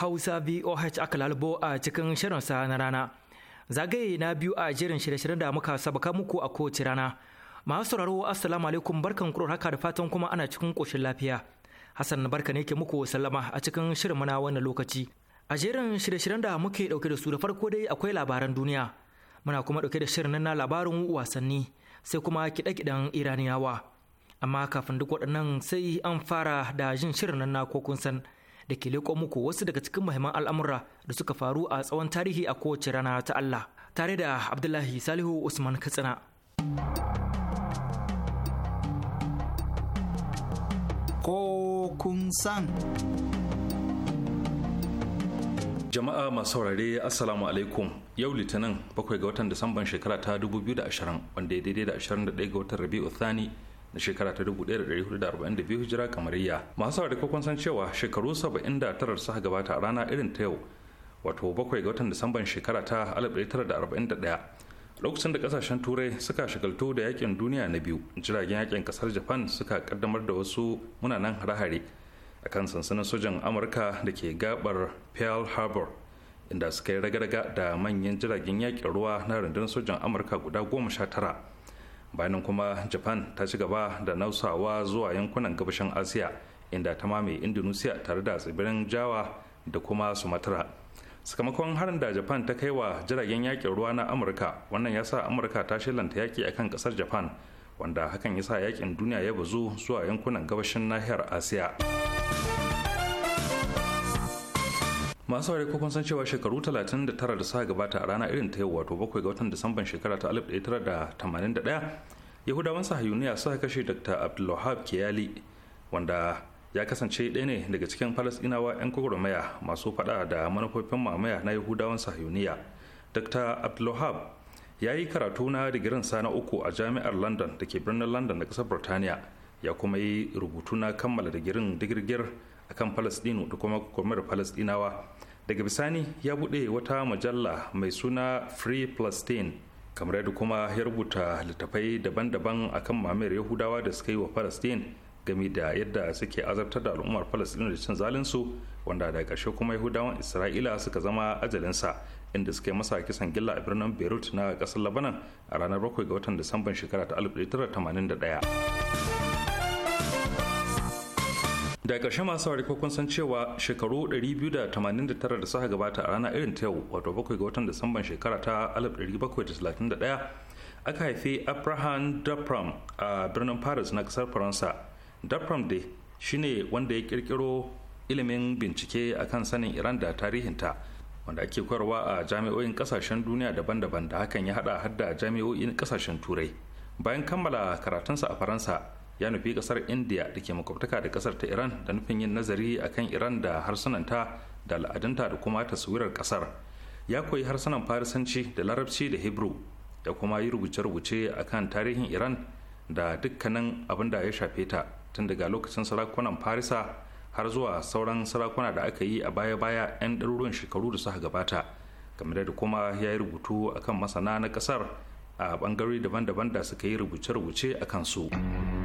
hausa voh aka lalubo a cikin shirin sa na rana zagaye na biyu a jerin shirye-shiryen da muka sabaka muku a kowace rana masu sauraro assalamu alaikum barkan kuro haka da fatan kuma ana cikin koshin lafiya hassan barka ne ke muku sallama a cikin shirin mana wannan lokaci a jerin shirye-shiryen da muke dauke da su da farko dai akwai labaran duniya muna kuma dauke da shirin na labarin wasanni sai kuma kiɗe-kiɗen iraniyawa amma kafin duk waɗannan sai an fara da jin shirin na kokun san da ke leƙo muku wasu daga cikin muhimman al'amura da suka faru a tsawon tarihi a kowace rana ta Allah tare da Abdullahi Salihu Usman Katsina. Ko kun san. Jama'a masu saurare Assalamu alaikum yau Litinin bakwai ga watan Disamban shekara ta 2020 wanda ya daidai da 21 ga watan Rabi'u Thani na shekara ta 1442 hijira kamariya masu da ko san cewa shekaru 79 suka gabata a rana irin ta yau wato bakwai ga watan disamban shekara ta 1941 lokacin da kasashen turai suka shagaltu da yakin duniya na biyu jiragen yakin kasar japan suka kaddamar da wasu munanan hare-hare a kan sansanin sojan amurka da ke gabar pearl harbor inda suka yi raga-raga da manyan jiragen yakin ruwa na rundunar sojan amurka guda goma sha tara bayanan kuma japan ta ci gaba da nausawa zuwa yankunan gabashin asiya inda ta mame indonesia tare da tsibirin jawa da kuma sumatra sakamakon harin da japan ta kai wa jiragen yakin ruwa na amurka wannan ya sa amurka ta shilanta yaki a kan kasar japan wanda hakan ya sa yakin duniya ya bazu zuwa yankunan gabashin nahiyar asiya masu ware kun san cewa shekaru 39 da suka gabata a rana irin ta yau wato bakwai ga watan disamban shekara ta 1981 yahudawan sahayuniya suka kashe dr abdulwahab kiyali wanda ya kasance ɗaya ne daga cikin falasɗinawa 'yan gwagwarmaya masu fada da manufofin mamaya na yahudawan sahayuniya dr abdulwahab ya yi karatu na digirin sa na uku a jami'ar london da ke birnin london da ƙasar birtaniya ya kuma yi rubutu na kammala digirin digirgir akan palestino da kuma gwamnatin palestinawa daga bisani ya bude wata majalla mai suna free palestine kamar yadda kuma ya rubuta littafai daban-daban akan mamayar yahudawa da suka yi wa palestine game da yadda suke azabtar da al'ummar palestine da cin zalinsu wanda da ƙarshe kuma yahudawan isra'ila suka zama ajalinsa inda suka yi masa kisan gilla a birnin beirut na ƙasar labanan a ranar 7 ga watan disamban shekara ta 1981 daga ƙarshe masu saurari kun san cewa shekaru 289 da suka gabata a rana irin ta yau wato 7 ga watan disamban shekara ta 1731 aka haifi abraham dapram a birnin paris na ƙasar faransa dapram dai shine wanda ya kirkiro ilimin bincike akan sanin iran da tarihinta wanda ake koyarwa a jami'o'in kasashen duniya daban-daban da hakan ya hada hadda jami'o'in kasashen turai bayan kammala karatunsa a faransa ya nufi kasar india da ke makwabtaka da kasar ta iran da nufin yin nazari akan iran da harsunanta da al'adunta da kuma taswirar kasar ya koyi harsunan farisanci da larabci da hebrew da kuma yi rubuce-rubuce akan tarihin iran da dukkanin abin da ya shafe ta tun daga lokacin sarakunan farisa har zuwa sauran sarakuna da aka yi a baya-baya 'yan ɗaruruwan shekaru da suka gabata game da kuma ya yi rubutu akan masana na kasar a ɓangare daban-daban da suka yi rubuce-rubuce a kansu. su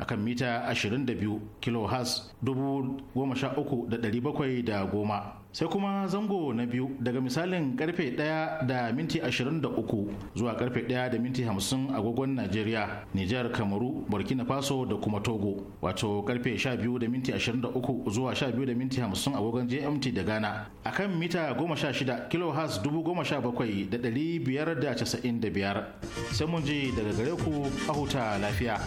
akan mita 22 kilohertz 13710 sai kuma zango na biyu daga misalin karfe 1 da minti 23 zuwa karfe 1 da minti 50 agogon nigeria Nijar, Kamaru, Burkina Faso da kuma Togo. Wato karfe 12 da minti 23 zuwa 12 da minti 50 agogon jmt da Ghana. A kan mita 16 kHz 17,595 sai mun ji daga gare ku a huta lafiya.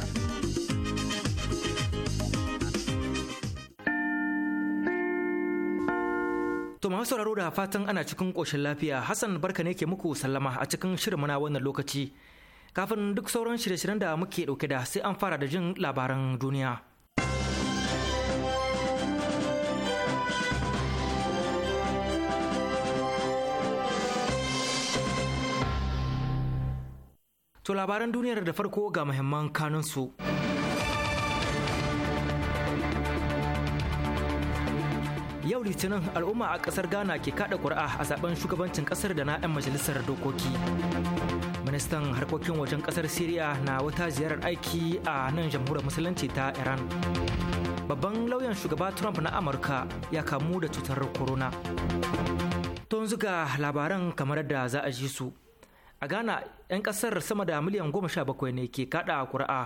To masu sauraro da fatan ana cikin koshin lafiya Hassan barka ne ke muku sallama a cikin shirin mana wannan lokaci. Kafin duk sauran shirye-shiryen da muke ɗauke da sai an fara da jin labaran duniya. To labaran duniyar da farko ga muhimman kanunsu. su. yau litinin al'umma a kasar ghana ke kada kuri'a a zaben shugabancin kasar da na 'yan majalisar dokoki ministan harkokin wajen kasar syria na wata ziyarar aiki a nan jamhuriyar musulunci ta iran babban lauyan shugaba trump na amurka ya kamu da cutar corona ton zuga labaran kamar da za a ji su a ghana 'yan kasar sama da miliyan goma sha bakwai ne ke kada kuri'a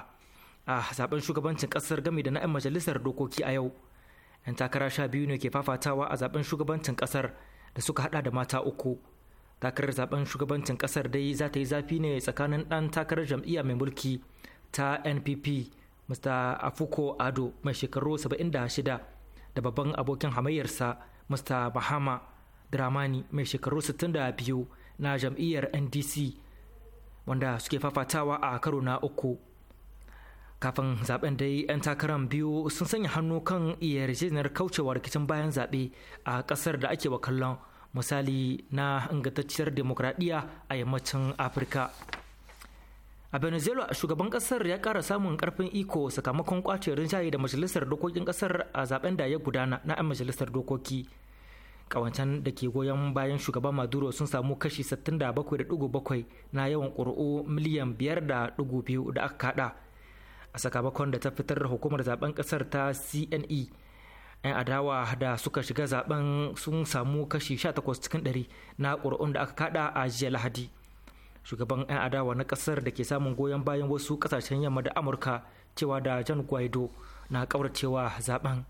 a zaben shugabancin kasar gami da na 'yan majalisar dokoki a yau 'yan takara sha biyu ne ke fafatawa a zaben shugabancin kasar da suka hada da mata uku takarar zaben shugabancin kasar dai za ta yi zafi ne tsakanin dan takarar jam'iyya mai mulki ta npp mr afuko ado mai shekaru 76 da babban abokin hamayyarsa mr bahama dramani mai shekaru 62 na jam'iyyar ndc wanda suke fafatawa a karo na uku kafin zaben dai 'yan takarar biyu sun sanya hannu kan yarjejeniyar kaucewa rikicin bayan zaɓe a ƙasar da ake wa kallon misali na ingantacciyar demokradiyya a yammacin afirka a venezuela shugaban kasar ya kara samun karfin iko sakamakon kwace rinjaye da majalisar dokokin kasar a zaben da ya gudana na 'yan majalisar dokoki kawancan da ke goyon bayan shugaban maduro sun samu kashi 67.7 na yawan ƙuri'u miliyan 5.2 da aka kada a sakamakon da ta fitar da hukumar zaben kasar ta cne 'yan adawa da suka shiga zaben sun samu kashi 18 cikin 100 na ƙuri'un da aka kada a jiya lahadi shugaban 'yan adawa na ƙasar da ke samun goyon bayan wasu kasashen yamma da amurka cewa da jan guaido na kauracewa zaben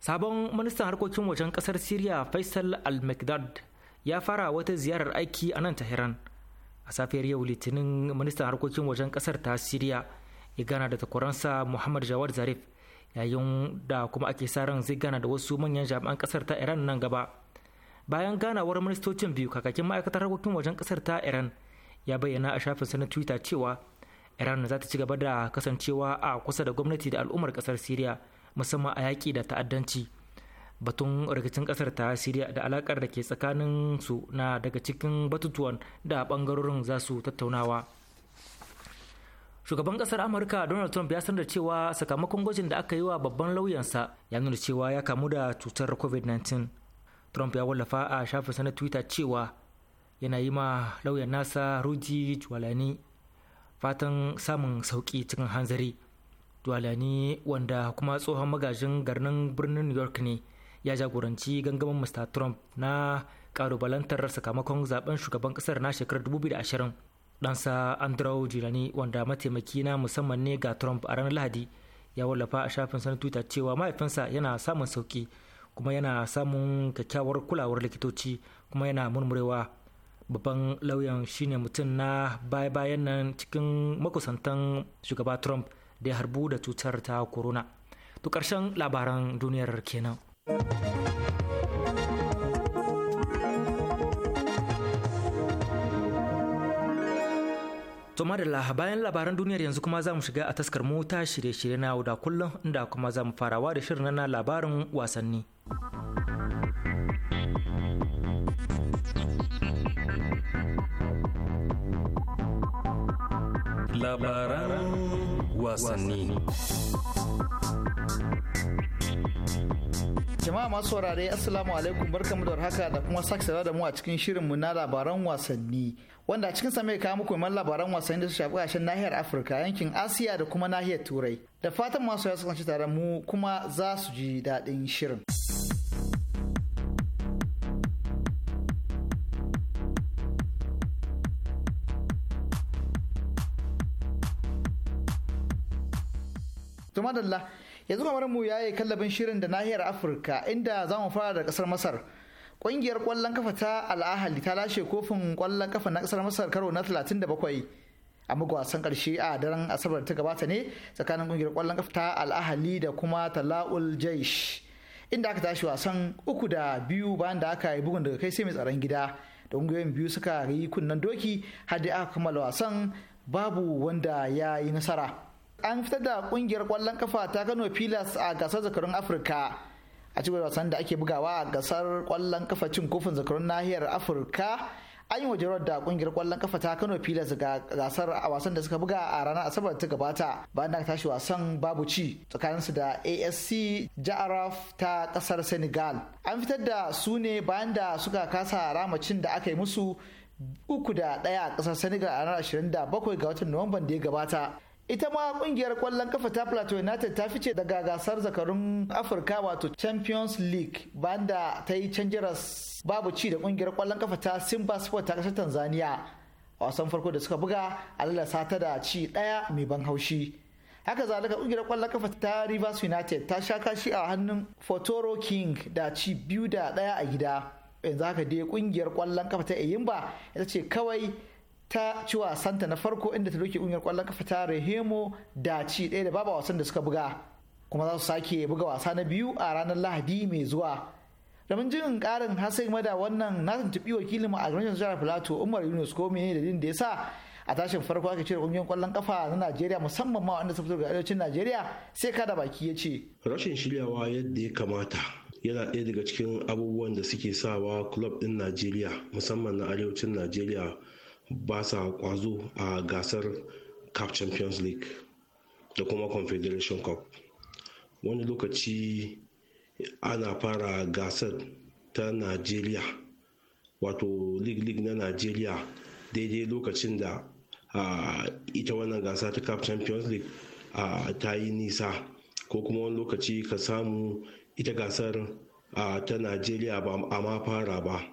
sabon ministan harkokin wajen ƙasar syria faisal al-mcdad ya fara wata ziyarar aiki a nan tehran a safiyar yau litinin ministan harkokin wajen ƙasar ta syria ya gana da takwaransa muhammad jawar zarif yayin da kuma ake sa ran zai gana da wasu manyan jami'an kasar ta iran nan gaba bayan ganawar ministocin biyu kakakin ma'aikatar harkokin wajen kasar ta iran ya bayyana a shafin na twitter cewa iran za ta ci gaba da kasancewa a kusa da gwamnati da al'ummar kasar syria musamman a yaƙi da ta'addanci batun rikicin kasar ta syria da alakar da ke tsakanin su na daga cikin batutuwan da bangarorin za su tattaunawa shugaban kasar amurka donald trump ya sanar cewa sakamakon gwajin da aka yi wa babban lauyansa ya nuna cewa ya kamu da cutar covid-19 trump ya wallafa a shafin na twitter cewa yana yi ma lauyan nasa rudy jualani fatan samun sauki cikin hanzari jualani wanda kuma tsohon magajin garnin birnin new york ne ya jagoranci gangamin mr trump na ƙalubalantar sakamakon zaben shugaban kasar na shekarar 2020 ɗansa andrew jirani wanda mataimaki na musamman ne ga trump a ranar lahadi ya wallafa a shafin sanar twitter cewa mahaifinsa yana samun sauki kuma yana samun kyakkyawar kulawar likitoci kuma yana murmurewa babban lauyan shine mutum na baya-bayan nan cikin makusantan shugaba trump da ya harbu da cutar ta corona to karshen labaran duniyar kenan To madalla bayan labaran duniyar yanzu kuma za mu shiga a taskar mota shirye-shirye na yau da kullum inda kuma za mu farawa da shirin na labarin wasanni. Labaran wasanni. jama'a masu saurare assalamu alaikum barkamu da warhaka da kuma sake saurara da mu a cikin shirin mu na labaran wasanni wanda a cikin sa kawo muku man labaran wasanni da su shafi gashin nahiyar Afirka yankin Asiya da kuma nahiyar Turai da fatan masu ya kasance tare mu kuma za su ji daɗin shirin. tumadalla yanzu kamar mu ya yi kallabin shirin da nahiyar afirka inda za mu fara da kasar masar ƙungiyar kwallon kafa ta al'ahali ta lashe kofin ƙwallon kafa na kasar masar karo na 37 a wasan karshe a daren asabar ta gabata ne tsakanin ƙungiyar ƙwallon kafa ta al'ahali da kuma tala'ul jaish inda aka tashi wasan uku da biyu bayan da aka yi bugun daga kai sai mai tsaron gida da ungiyoyin biyu suka yi kunnen doki har da aka kammala wasan babu wanda ya yi nasara an fitar da kungiyar kwallon kafa ta kano pilas a gasar zakarun afirka a cikin wasan da ake bugawa a gasar kwallon kafa cin kofin zakarun nahiyar afirka an yi wajerar da kungiyar kwallon kafa ta kano pilas ga gasar a wasan da suka buga a ranar asabar ta gabata bayan da tashi wasan babu ci tsakaninsu da asc jaraf ta kasar senegal an fitar da su ne bayan da suka kasa ramacin da aka yi musu uku da daya a kasar senegal a ranar 27 ga watan nuwamban da ya gabata ita ma kungiyar kwallon kafa ta plateau united ta fice daga gasar zakarun afirka wato champions league banda ta yi canjiras babu ci da kungiyar kwallon kafa ta simba sport ta kasar tanzania a wasan farko da suka buga a lalasa ta da ci daya mai ban haushi haka zalika kungiyar kwallon kafa ta rivers united ta sha kashi a hannun fotoro king da ci biyu da daya a gida yanzu haka dai kungiyar kwallon kafa ta eyimba ita ce kawai ta ci wasanta na farko inda ta doke kungiyar kwallon kafa ta Rehemo da ci ɗaya da babu wasan da suka buga kuma za su sake buga wasa na biyu a ranar Lahadi mai zuwa. ramin jin karin hasai game da wannan na tuntuɓi wakilin mu a garin jihar Filato Umar Yunus ko ne dalilin da ya sa a tashin farko aka cire kungiyar kwallon kafa na Najeriya musamman ma wanda su fito ga arewacin Najeriya sai kada baki ya ce. Rashin shiryawa yadda ya kamata yana ɗaya daga cikin abubuwan da suke sawa club ɗin Najeriya musamman na arewacin Najeriya ba sa kwazo a gasar cap champions league da kuma confederation cup wani lokaci ana fara gasar ta nigeria wato league league na nigeria daidai lokacin da ita wannan gasa ta cup champions league ta yi nisa ko kuma wani lokaci ka samu ita gasar ta nigeria ba a ma fara ba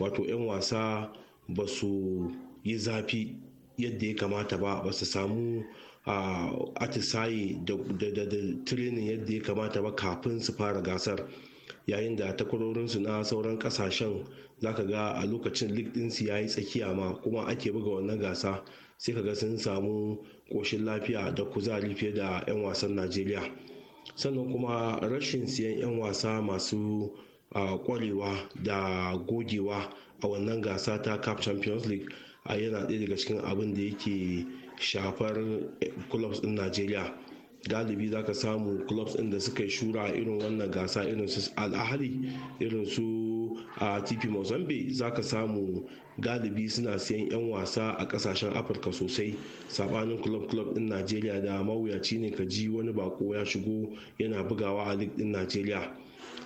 wato 'yan wasa ba su yi zafi yadda ya kamata ba ba su samu atisaye da training yadda ya kamata ba kafin su fara gasar yayin da takwarorinsu na sauran kasashen zaka ga a lokacin lig ɗinsu ya yi tsakiya ma kuma ake buga wannan gasa sai ka ga sun samu ƙoshin lafiya da kuzari fiye da 'yan wasan najeriya sannan kuma rashin siyan 'yan wasa masu kwarewa da gogewa a wannan gasa ta cup champions league a yana ɗaya daga cikin abin da yake shafar clubs ɗin najeriya galibi za ka samu clubs ɗin da suka shura irin wannan gasa irin su al'ahari irin su a tp mozambique za ka samu galibi suna siyan 'yan wasa a kasashen afirka sosai sabanin club club din najeriya da mawuyaci ne ka ji wani bako ya shigo yana bugawa a league din najeriya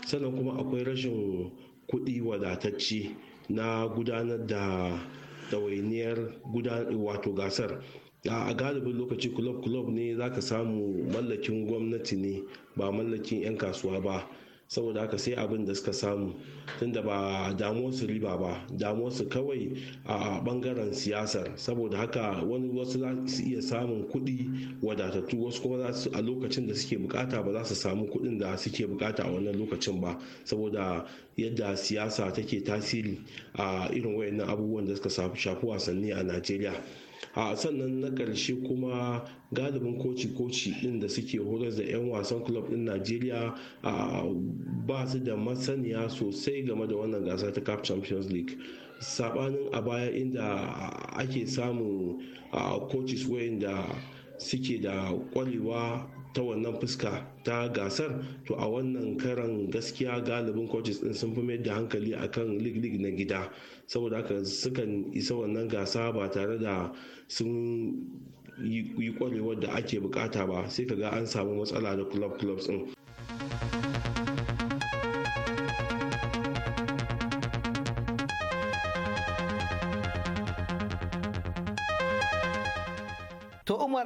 sannan kuma akwai rashin kuɗi wadatacce na gudanar da ɗawainiyar wato gasar a galibin lokaci club club ne za ka samu mallakin gwamnati ne ba mallakin 'yan kasuwa ba saboda haka sai abin da suka samu tunda ba damuwar riba ba damuwar kawai a bangaren siyasar saboda haka wani wasu za su iya samun kuɗi wadatattu wasu kuma za su a lokacin da suke bukata ba za su samu kuɗin da suke bukata a wannan lokacin ba saboda yadda siyasa take tasiri a irin wayannan abubuwan da suka shafi wasanni a najeriya a sannan na ƙarshe kuma galibin koci-koci din da suke horar da 'yan wasan club din najeriya ba su da masaniya sosai game da wannan gasa ta cup champions league sabanin a baya inda ake samun coaches da suke da kwarewa ta wannan fuska ta gasar to a wannan karan gaskiya galibin coaches din sun fi mai da hankali akan league league na gida saboda haka sukan isa wannan gasa ba tare da sun yi kwarewar da ake bukata ba sai ka ga an samu matsala da club clubs din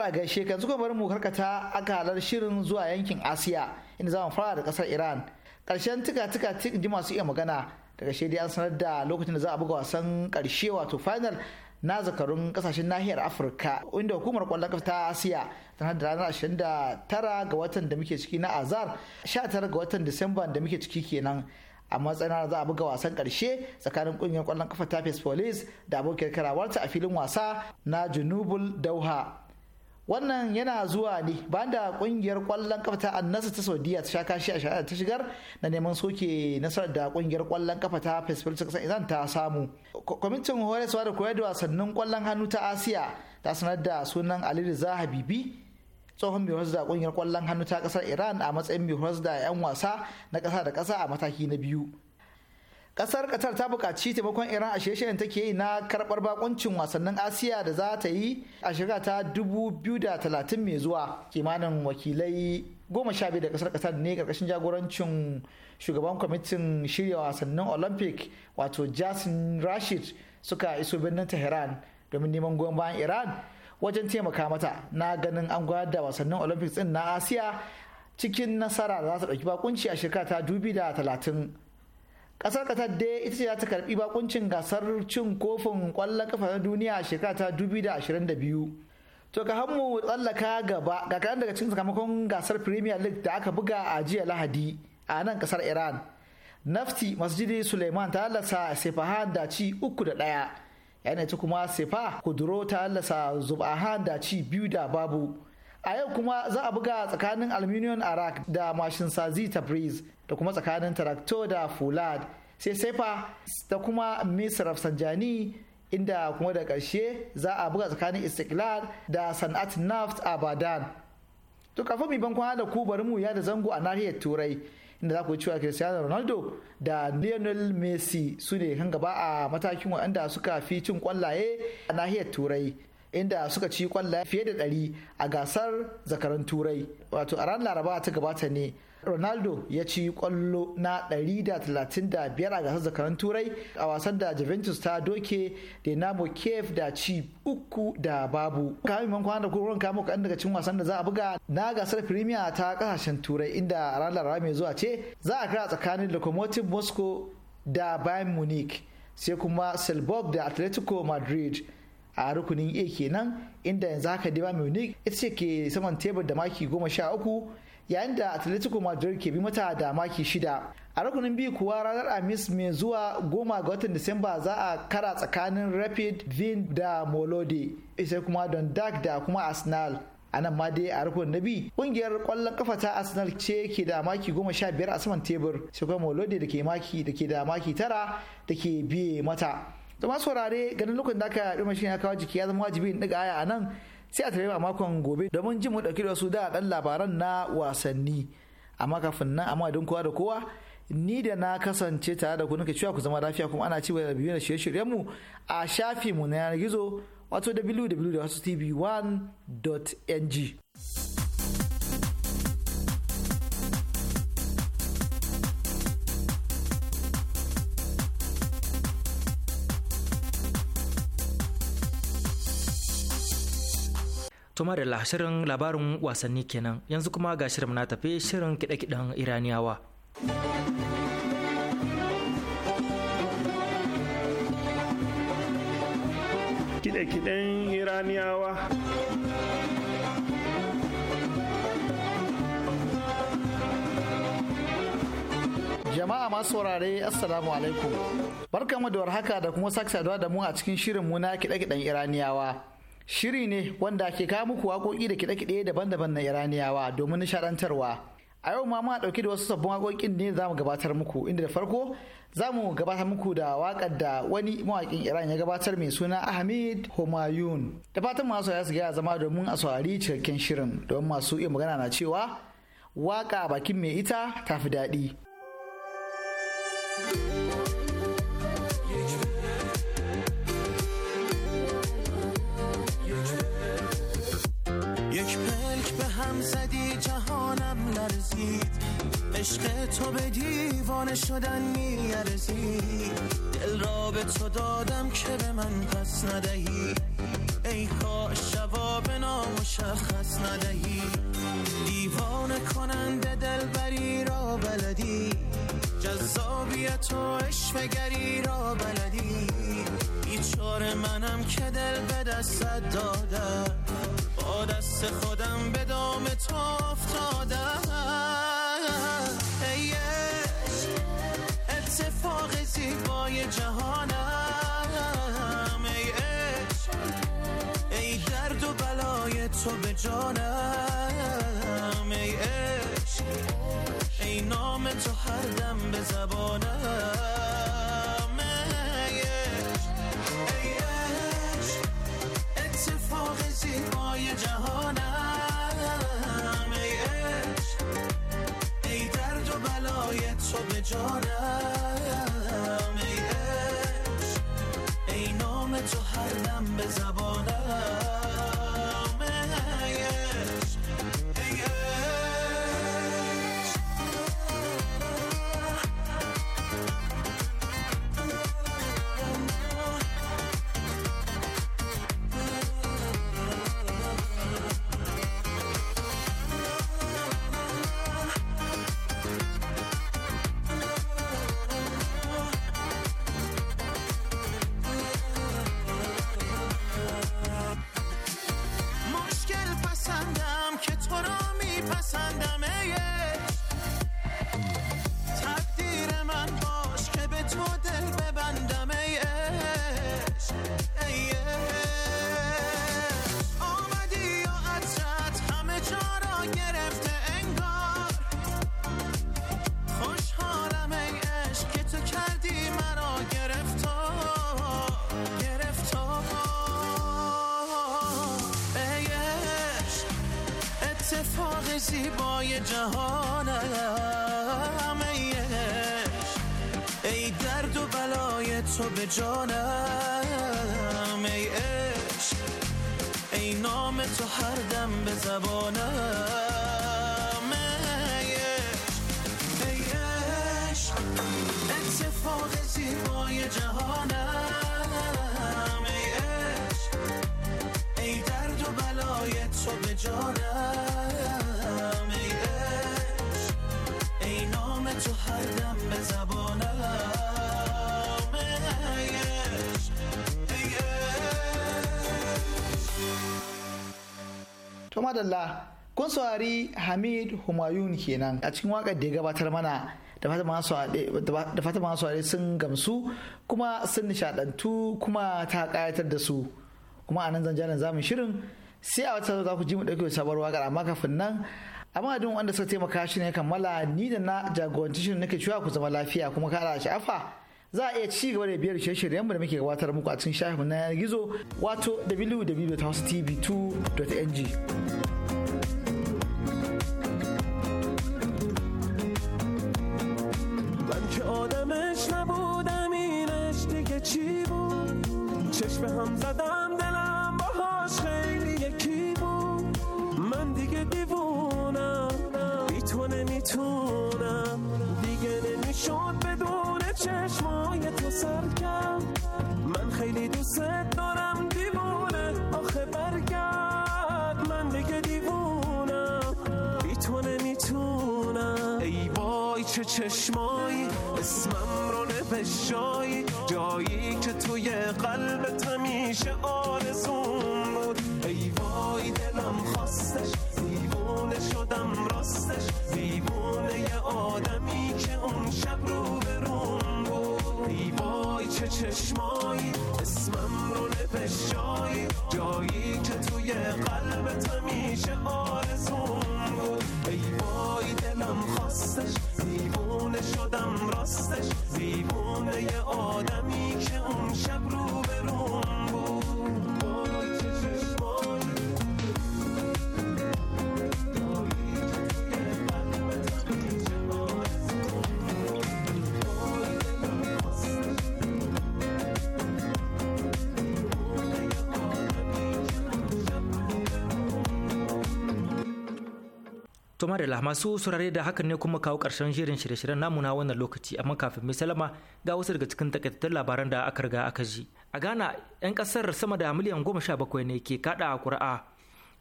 fara gaishe kan zuwa bari mu karkata akalar shirin zuwa yankin Asiya inda zamu fara da kasar Iran. Karshen tuka tuka ji masu iya magana daga shi an sanar da lokacin da za a buga wasan karshe wato final na zakarun kasashen nahiyar Afirka inda hukumar kwallon kafa ta Asiya sanar da ranar 29 ga watan da muke ciki na Azar 19 ga watan Disamba da muke ciki kenan. a matsayin za a buga wasan karshe tsakanin kungiyar kwallon kafa ta police da abokiyar karawarta a filin wasa na junubul dauha wannan yana zuwa ne ba da kungiyar kwallon kafa ta annasa ta saudiya ta sha kashi a shahada ta shigar na neman soke nasarar da kungiyar kwallon kafa ta festival ta kasar iran ta samu kwamitin horaswa da koyar da wasannin kwallon hannu ta asiya ta sanar da sunan ali za habibi tsohon mai horas da kungiyar kwallon hannu ta kasar iran a matsayin mai horas da 'yan wasa na kasa da kasa a mataki na biyu kasar qatar ta bukaci taimakon iran a shirye-shiryen take yi na karbar bakuncin wasannin asiya da za ta yi a shekara ta 2030 mai zuwa kimanin wakilai goma sha biyu da kasar qatar ne karkashin jagorancin shugaban kwamitin shirya wasannin olympic wato jasin rashid suka iso birnin tehran domin neman goyon bayan iran wajen taimaka mata na ganin an gudanar da wasannin olympics din na asiya cikin nasara da za su ɗauki bakunci a shekara ta 2030 kasar Katar dai ita ce za ta karbi bakuncin gasar cin kofin kwallon kafa na duniya a shekara ta 2022 to ka hammu tsallaka gaba ga daga cikin sakamakon gasar premier league da aka buga a jiya lahadi a nan kasar iran nafti masjidi suleiman ta lallasa sefahan da ci uku da ɗaya yana ta kuma sefa kuduro ta lallasa zubahan da ci biyu da babu a yau kuma za a buga tsakanin aluminium arak da mashin sazi ta breeze da kuma tsakanin tarakto da fulad sai saifa da kuma mis rafsanjani inda kuma da karshe za a buga tsakanin istiklal da san'at naft abadan to kafin mu ban kwana da ku bari mu ya da zango a nahiyar turai inda za ku cewa cristiano ronaldo da lionel messi su ne kan gaba a matakin waɗanda suka fi cin kwallaye a nahiyar turai inda suka ci kwalla fiye da ɗari a gasar zakaran turai wato a ranar laraba ta gabata ne ronaldo ya ci kwallo na 135 a gasar zakaran turai a wasan da juventus ta doke dinamo kiev da ci uku da babu man kwana da kurorin kamo kaɗan daga cin wasan da za a buga na gasar premier ta kasashen turai inda a ranar laraba mai zuwa ce za a kira tsakanin locomotive moscow da bayern munich sai kuma selbob da atletico madrid a rukunin a kenan inda yanzu haka dai munich ita ce ke saman tebur da maki goma sha uku yayin da atletico madrid ke bi mata da maki shida a rukunin biyu kuwa ranar amis mai zuwa goma ga watan disamba za a kara tsakanin rapid vin da molode ita kuma don dark da kuma arsenal a nan ma dai a rukunin na bi, kungiyar kwallon kafa ta arsenal ce ke da maki goma sha biyar a saman tebur sai kuma molode da ke maki da ke da maki tara da ke biye mata da masu saurare ganin lokacin da aka yaɗu mashin ya kawo jiki ya zama wajibi in ɗiga aya a nan sai a tare a makon gobe domin jin mu ɗauki da su da ɗan labaran na wasanni amma kafin nan amma don kowa da kowa ni da na kasance tare da ku nake cewa ku zama lafiya kuma ana ci da biyu da shirye-shiryen mu a shafi mu na yanar gizo wato www.tv1.ng. To da shirin labarin wasanni kenan yanzu kuma ga shirin na tafi shirin kiɗe-kiɗen Iraniyawa. Kiɗe-kiɗen Iraniyawa. Jama'a masu saurare Assalamu alaikum. Barkanmu da warhaka da kuma sake saduwa da mu a cikin shirin mu na kiɗe-kiɗen Iraniyawa. shiri ne wanda ke kawo muku waƙoƙi da kiɗe-kiɗe daban-daban na iraniyawa domin nishaɗantarwa a yau ma muna ɗauke da wasu sabbin waƙoƙin ne za mu gabatar muku inda da farko za mu gabatar muku da waƙar da wani mawaƙin iran ya gabatar mai suna ahmed homayun da fatan masu ya su gaya zama domin a saurari cikakken shirin don masu iya magana na cewa waƙa bakin mai ita tafi daɗi. هم زدی جهانم لرزید عشق تو به دیوانه شدن میارزی دل را به تو دادم که به من پس ندهی ای کاش جواب نامشخص ندهی دیوانه کننده دلبری را بلدی جذابیت و گری را بلدی بیچاره منم که دل به دادم با دست خودم به دام تو افتادم ای اتفاق زیبای جهانم ای ای درد و بلای تو به جانم ای اشم ای نام تو هر دم به زبانم giorno to madalla kun saurari hamid humayun kenan a cikin wakar da ya gabatar mana da fata masu ware sun gamsu kuma sun nishadantu kuma ta kayatar da su kuma a nan zanjanin zamun shirin sai a wata za ku ji mu ɗauke sabuwar wakar amma kafin nan amma duk wanda suka taimaka shi ne kammala ni da na jagoranci shirin nake cewa ku zama lafiya kuma shi afa. za a iya ci gaba da biyar shirye-shiryen da muke gabatar muku a cikin shafin na yanar gizo wato wwwtv 2ng چه چشمایی اسمم رو نپشای To Marila masu saurare da hakan ne kuma kawo ƙarshen shirin shirye-shiryen namu na wannan lokaci amma kafin mai salama ga wasu daga cikin takaitattun labaran da aka riga aka ji. A Ghana 'yan kasar sama da miliyan goma sha bakwai ne ke kaɗa ƙuri'a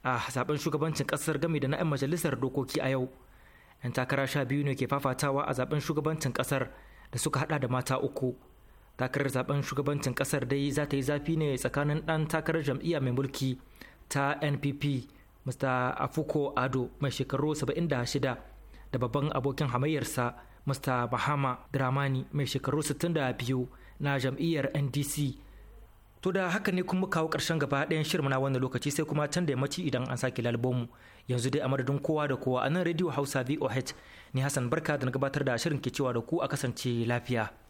a zaben shugabancin kasar gami da na 'yan majalisar dokoki a yau. 'Yan takara sha biyu ne ke fafatawa a zaben shugabancin kasar da suka haɗa da mata uku. Takarar zaben shugabancin kasar dai za ta yi zafi ne tsakanin ɗan takarar jam'iyya mai mulki ta NPP mr afuko ado mai shekaru 76 da babban abokin hamayyarsa mr bahama dramani mai shekaru 62 na jam'iyyar ndc to da haka ne kuma kawo ƙarshen gaba ɗayan shirin na wannan lokaci sai kuma can da yammaci idan an sake lalbomu yanzu dai a madadin kowa da kowa a nan radio hausa voh ne hassan barka da na gabatar da shirin ke cewa da ku a kasance lafiya